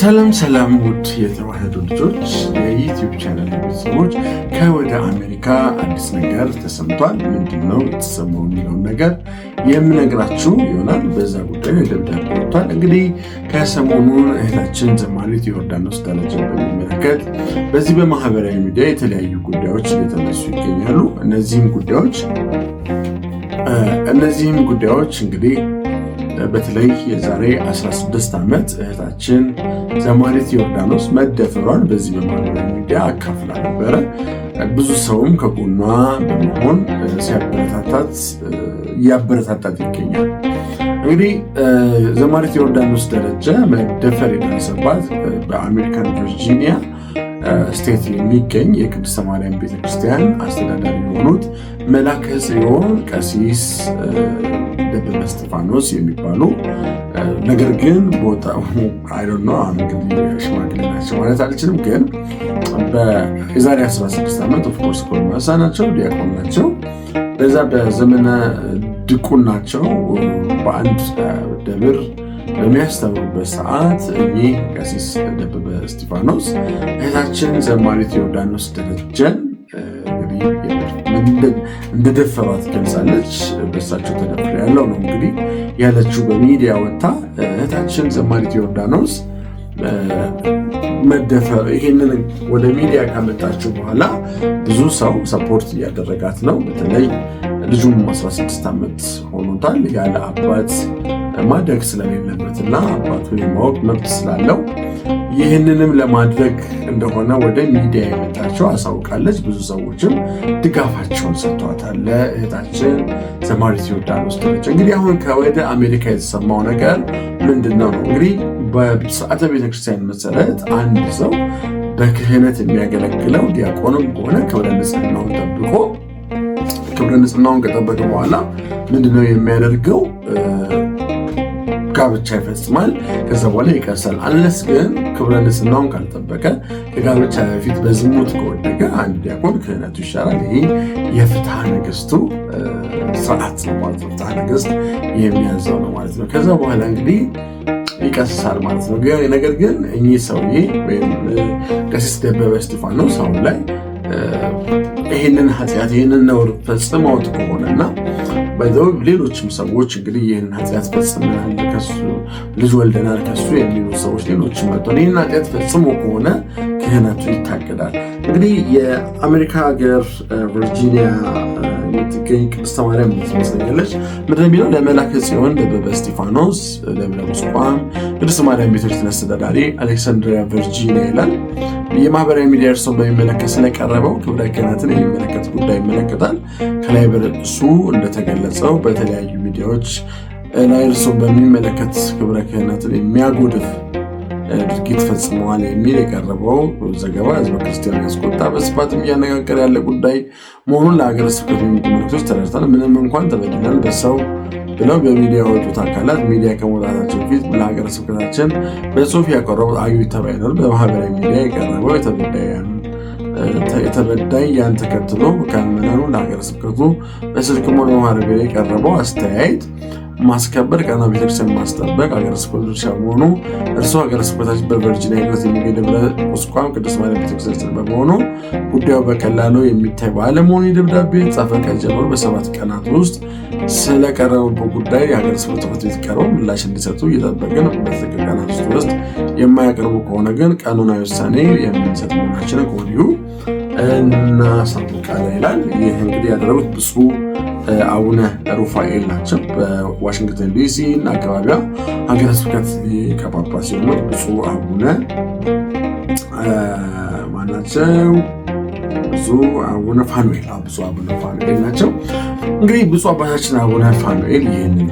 ሰላም ሰላም ውድ የተዋህዶ ልጆች የዩትዩብ ቻናል ቤተሰቦች፣ ከወደ አሜሪካ አዲስ ነገር ተሰምቷል። ምንድን ነው የተሰማው የሚለውን ነገር የምነግራችሁ ይሆናል። በዛ ጉዳይ ደብዳቤ ወጥቷል። እንግዲህ ከሰሞኑን እህታችን ዘማሪት ዮርዳኖስ ደረጃ በሚመለከት በዚህ በማህበራዊ ሚዲያ የተለያዩ ጉዳዮች እየተነሱ ይገኛሉ። እነዚህም ጉዳዮች እነዚህም ጉዳዮች እንግዲህ በተለይ የዛሬ 16 ዓመት እህታችን ዘማሪት ዮርዳኖስ መደፈሯን በዚህ በማህበራዊ ሚዲያ አካፍላ ነበረ። ብዙ ሰውም ከጎኗ በመሆን ሲያበረታታት እያበረታታት ይገኛል። እንግዲህ ዘማሪት ዮርዳኖስ ደረጀ መደፈር የደረሰባት በአሜሪካን ቨርጂኒያ ስቴት የሚገኝ የቅድስተ ማርያም ቤተክርስቲያን አስተዳዳሪ የሆኑት መላከ ጽዮን ቀሲስ ደበበ እስጢፋኖስ የሚባሉ ነገር ግን ቦታው አይዶነ እንግዲህ ሽማግሌ ናቸው ማለት አልችልም፣ ግን የዛሬ 16 ዓመት ኦፍኮርስ ጎልማሳ ናቸው፣ ዲያቆን ናቸው። በዛ በዘመነ ድቁን ናቸው በአንድ ደብር በሚያስተምሩበት ሰዓት እኚህ ቀሲስ ደበበ እስጢፋኖስ እህታችን ዘማሪት ዮርዳኖስ ደረጀን እንደደፈሯት ገልጻለች። በሳቸው ተደፍሬ ያለው ነው እንግዲህ ያለችው በሚዲያ ወጥታ እህታችን ዘማሪት ዮርዳኖስ መደፈር ይህንን ወደ ሚዲያ ካመጣችው በኋላ ብዙ ሰው ሰፖርት እያደረጋት ነው። በተለይ ልጁም 16 ዓመት ሆኖታል። ያለ አባት ማደግ ስለሌለበት እና አባቱን የማወቅ መብት ስላለው ይህንንም ለማድረግ እንደሆነ ወደ ሚዲያ የመጣቸው አሳውቃለች። ብዙ ሰዎችም ድጋፋቸውን ሰጥቷታል ለእህታችን ዘማሪት ዮርዳኖስ ደረጀ። እንግዲህ አሁን ከወደ አሜሪካ የተሰማው ነገር ምንድን ነው እንግዲህ በስርዓተ ቤተክርስቲያን መሰረት አንድ ሰው በክህነት የሚያገለግለው ዲያቆንም ከሆነ ክብረ ንጽሕናውን ጠብቆ ክብረ ንጽሕናውን ከጠበቀ በኋላ ምንድነው የሚያደርገው? ጋብቻ ይፈጽማል። ከዛ በኋላ ይቀርሳል። አለስ ግን ክብረ ንጽሕናውን ካልጠበቀ ከጋብቻ በፊት በዝሙት ከወደቀ አንድ ዲያቆን ክህነቱ ይሻራል። ይህ የፍትሐ ነገሥቱ ስርዓት ነው ማለት ነው። ፍትሐ ነገሥት የሚያዘው ነው ማለት ነው። ከዛ በኋላ እንግዲህ ይቀስሳል ማለት ነው። ነገር ግን እኚህ ሰውዬ ወይም ቀሲስ ደበበ እስጢፋኖስ ሰው ላይ ይህንን ኃጢአት ይህንን ነውር ፈጽመውት ከሆነና ባይዘው ሌሎችም ሰዎች እንግዲህ ይህን ኃጢአት ፈጽመናል ከሱ ልጅ ወልደናል ከሱ የሚሉ ሰዎች ሌሎችም መጥተው ይህን ኃጢአት ፈጽሞ ከሆነ ክህነቱ ይታገዳል። እንግዲህ የአሜሪካ ሀገር ቨርጂኒያ የምትገኝ ቅድስተ ማርያም ትመስለኛለች። ምንድን የሚለው ለመላከ ጽዮን ደበበ እስጢፋኖስ ለምለምስቋም ቅድስተ ማርያም ቤቶች ተነስተዳዳሪ አሌክሳንድሪያ ቨርጂኒያ ይላል። የማህበራዊ ሚዲያ እርስዎን በሚመለከት ስለቀረበው ክብረ ክህነትን የሚመለከት ጉዳይ ይመለከታል። ከላይ በርዕሱ እንደተገለጸው በተለያዩ ሚዲያዎች ላይ እርስዎን በሚመለከት ክብረ ክህነትን የሚያጎድፍ ድርጊት ፈጽመዋል የሚል የቀረበው ዘገባ ህዝበ ክርስቲያን ያስቆጣ በስፋትም እያነጋገረ ያለ ጉዳይ መሆኑን ለሀገረ ስብከት የሚመጡ መልዕክቶች ምንም እንኳን ተበድለን በሰው ብለው በሚዲያ ወጡት አካላት ሚዲያ ከመውጣታቸው ፊት ለሀገረ ስብከታችን በጽሁፍ ያቀረቡት አግቢ ተባይነር በማህበራዊ ሚዲያ የቀረበው የተበዳይ ያን ተከትሎ ከምዕመናኑ ለሀገረ ስብከቱ በስልክም ሆነ ማህበራዊ የቀረበው አስተያየት ማስከበር ቀና ቤተክርስቲያን ማስጠበቅ ሀገረ ስብከቱ ድርሻ መሆኑ እርሱ ሀገረ ስብከታችን በቨርጂኒያ ግዛት የሚገኝ ደብረ ቁስቋም ቅዱስ ማርያም ቤተክርስቲያን በመሆኑ ጉዳዩ በቀላሉ የሚታይ ባለመሆኑ የደብዳቤ ጻፈ ቀን ጀምሮ በሰባት ቀናት ውስጥ ስለቀረበበት ጉዳይ የሀገረ ስብከቱ ጽሕፈት ቤት ቀርበው ምላሽ እንዲሰጡ እየጠበቅን በተጠቀ ቀናት ውስጥ ውስጥ የማያቀርቡ ከሆነ ግን ቀኖናዊ ውሳኔ የምንሰጥ መሆናችን ከወዲሁ እናሳውቃለን ይላል። ይህ እንግዲህ ያደረጉት ብፁዕ አቡነ ሩፋኤል ናቸው። በዋሽንግተን ዲሲ እና አካባቢዋ ሀገረ ስብከት ሊቀ ጳጳስ ሲሆኑ ብፁዕ አቡነ ማናቸው? ብፁዕ አቡነ ፋኑኤል ብፁዕ አቡነ ፋኑኤል ናቸው። እንግዲህ ብፁዕ አባታችን አቡነ ፋኑኤል ይህንን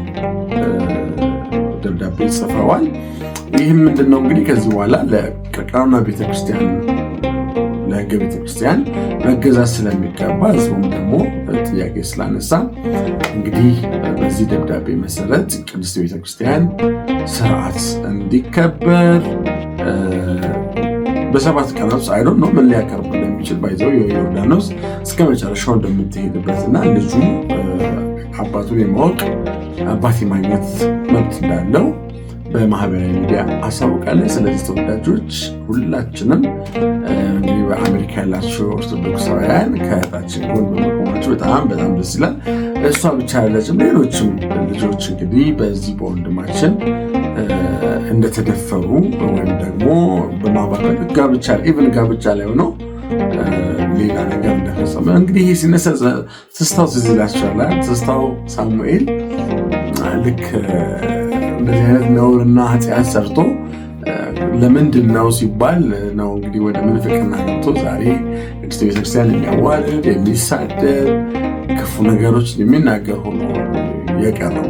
ደብዳቤ ጽፈዋል። ይህም ምንድን ነው እንግዲህ ከዚህ በኋላ ለቀኖና ቤተክርስቲያን ህገ ቤተክርስቲያን መገዛት ስለሚገባ ህዝቡም ደግሞ ጥያቄ ስላነሳ እንግዲህ በዚህ ደብዳቤ መሰረት ቅድስት ቤተክርስቲያን ስርዓት እንዲከበር በሰባት ቀናት ውስጥ አይዶ ነው ምን ሊያቀርብ እንደሚችል ባይዘው የዮርዳኖስ እስከ መጨረሻው እንደምትሄድበት እና ልጁ አባቱን የማወቅ አባት የማግኘት መብት እንዳለው በማህበራዊ ሚዲያ አሳውቃለች። ስለዚህ ተወዳጆች ሁላችንም እንግዲህ በአሜሪካ ያላችሁ ኦርቶዶክሳውያን ከእህታችን ጎን በመቆማችሁ በጣም በጣም ደስ ይላል። እሷ ብቻ ያለችም ሌሎችም ልጆች እንግዲህ በዚህ በወንድማችን እንደተደፈሩ ወይም ደግሞ በማባበል ጋብቻ ኢቭን ጋብቻ ላይ ሆነው ሌላ ነገር እንደፈጸመ እንግዲህ ይህ ሲነሳ ትስታው ትዝ ይላችኋል። ትስታው ሳሙኤል ልክ እንደዚህ አይነት ነውርና ኃጢአት ሰርቶ ለምንድን ነው ሲባል ነው እንግዲህ ወደ ምንፍቅና ገብቶ ዛሬ ቅድስት ቤተክርስቲያን የሚያዋርድ የሚሳደብ ክፉ ነገሮች የሚናገር ሆኖ የቀረው።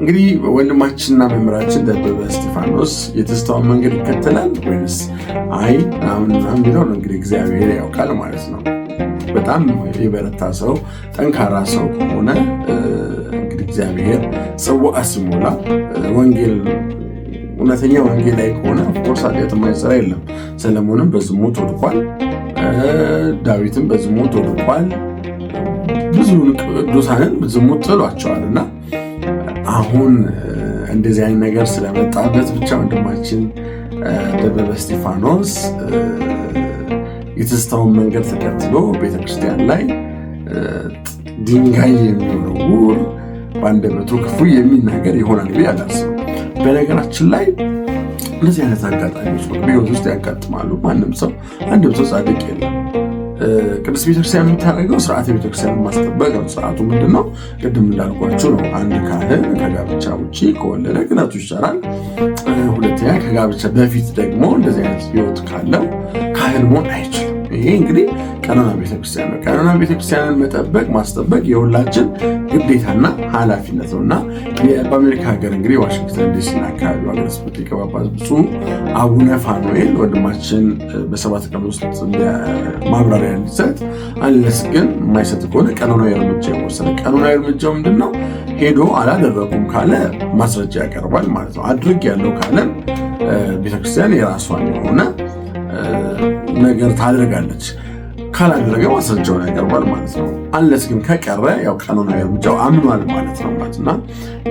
እንግዲህ ወንድማችንና መምህራችን ደበበ እስጢፋኖስ የተስተዋውን መንገድ ይከተላል ወይስ አይ ምናምን የሚለው ነው እንግዲህ እግዚአብሔር ያውቃል ማለት ነው። በጣም የበረታ ሰው ጠንካራ ሰው ከሆነ እግዚአብሔር ጽዋ ሲሞላ ወንጌል እውነተኛ ወንጌል ላይ ከሆነ ኦፍኮርስ ኃጢአት ማይሰራ የለም። ሰለሞንም በዝሙት ወድቋል። ዳዊትም በዝሙት ወድቋል። ብዙ ቅዱሳንን ዝሙት ጥሏቸዋል እና አሁን እንደዚህ አይነት ነገር ስለመጣበት ብቻ ወንድማችን ደበበ እስጢፋኖስ የተስታውን መንገድ ተከትሎ ቤተክርስቲያን ላይ ድንጋይ የሚወረውር በአንደበቱ ክፉ የሚናገር ይሆናል ብዬ አላስብም። በነገራችን ላይ እንደዚህ አይነት አጋጣሚዎች ነው ውስጥ ያጋጥማሉ። ማንም ሰው አንድም ሰው ጻድቅ የለም። ቅዱስ ቤተክርስቲያን የምታደርገው ስርዓተ ቤተክርስቲያን ማስጠበቅ ነው። ስርዓቱ ምንድን ነው? ቅድም እንዳልኳችሁ ነው። አንድ ካህን ከጋብቻ ውጭ ከወለደ ግነቱ ይሻራል። ሁለተኛ ከጋብቻ በፊት ደግሞ እንደዚህ አይነት ህይወት ካለው ካህን መሆን አይችልም። ይሄ እንግዲህ ቀኖና ቤተክርስቲያን ነው። ቀኖና ቤተክርስቲያንን መጠበቅ ማስጠበቅ የሁላችን ግዴታና ኃላፊነት ነው እና በአሜሪካ ሀገር እንግዲህ ዋሽንግተን ዲሲና አካባቢ ሀገረ ስብከት ሊቀ ጳጳስ ብፁዕ አቡነ ፋኑኤል ወንድማችን በሰባት ቀን ውስጥ ማብራሪያ እንዲሰጥ አለስ ግን የማይሰጥ ከሆነ ቀኖናዊ እርምጃ የወሰነ ቀኖናዊ እርምጃው ምንድን ነው? ሄዶ አላደረጉም ካለ ማስረጃ ያቀርባል ማለት ነው። አድርግ ያለው ካለ ቤተክርስቲያን የራሷን የሆነ ነገር ታደርጋለች። ካላደረገ ማስረጃውን ያቀርባል ማለት ነው። አለስ ግን ከቀረ ያው ቀኖና እርምጃው አምኗል ማለት ነው ማለት እና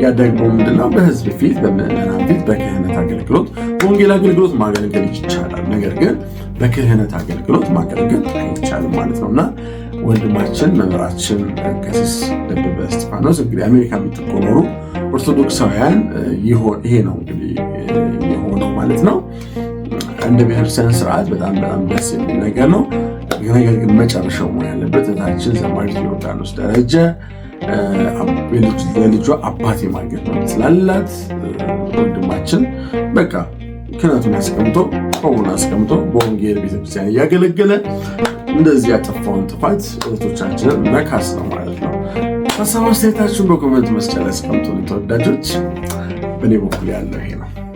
ያ ደግሞ ምንድነው በህዝብ ፊት በምዕመናን ፊት በክህነት አገልግሎት ወንጌል አገልግሎት ማገልገል ይቻላል። ነገር ግን በክህነት አገልግሎት ማገልገል አይቻልም ማለት ነው እና ወንድማችን መምህራችን ቀሲስ ደበበ እስጢፋኖስ እንግዲህ አሜሪካ የምትኖሩ ኦርቶዶክሳውያን ይሄ ነው እንግዲህ የሆነው ማለት ነው። እንደ ቤተክርስቲያን ስርዓት በጣም በጣም ደስ የሚል ነገር ነው። ነገር ግን መጨረሻው መሆን ያለበት እህታችን ዘማሪት ዮርዳኖስ ደረጀ ለልጇ አባት የማግኘት ነው ስላላት ወንድማችን በቃ ክህነቱን አስቀምጦ ቆቡን አስቀምጦ በወንጌል ቤተክርስቲያን እያገለገለ እንደዚህ ያጠፋውን ጥፋት እህቶቻችንን መካስ ነው ማለት ነው። ሀሳብ አስተያየታችሁን በኮመንት መስጫ ላይ አስቀምጡ። ተወዳጆች፣ በእኔ በኩል ያለው ይሄ ነው።